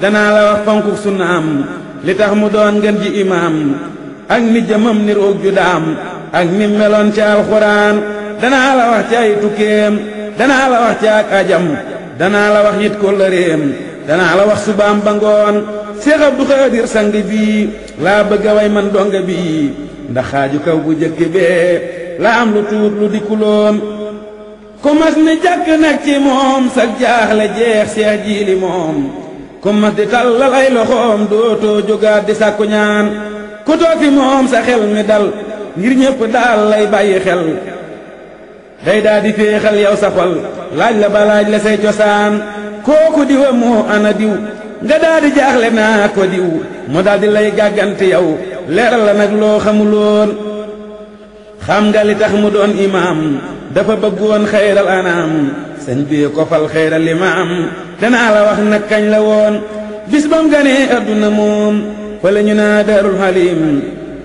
danaa la wax fonku sunnaam li tax mu doon ngeen ji imaam ak ni jëmam ni roog ju daam ak ni meloon ci alxuraan danaa la wax ci ay tukkeem danaa wax ci ak ajam danaa la wax yit kóllëreem danaa la wax subaam ba ngoon Seex Abdu Xaadir sang bii laa bëgg way man donga bii ndax kaw bu jëkk bee la lu tuut lu dikkuloon ku mas ni jàkk nag ci moom sag jaaxle jeex seex jiili moom ku mas di tàllal ay loxoom dootoo jógaat di sàkku ku toog moom sa xel mi dal ngir ñépp daal lay bàyyi xel day daal di féexal yow sa xol laaj la ba la say cosaan kooku diwa moo ana diw nga daal di jaaxle naa ko diw mu daal di lay gàggante yow leeral la nag loo xamuloon xam nga li tax mu doon imaam dafa bëggoon xayral anaam sëñ bi ko fal xayral imaam danaa la wax nag kañ la woon bis bam ganee adduna moom fële ñu naa daarul halim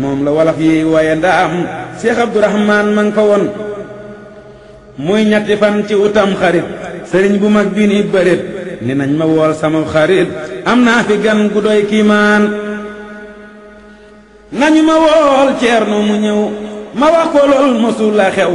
moom la wolof yi waye ndaam am Abdourahman ma nga fa woon muy ñetti fan ci utam xarit sëriñ bu mag bi ni bërit ni nañ ma wool sama xarit am naa fi gan gu doy kiimaan nañu ma wool ceerno mu ñëw ma wax ko lool mosul la xew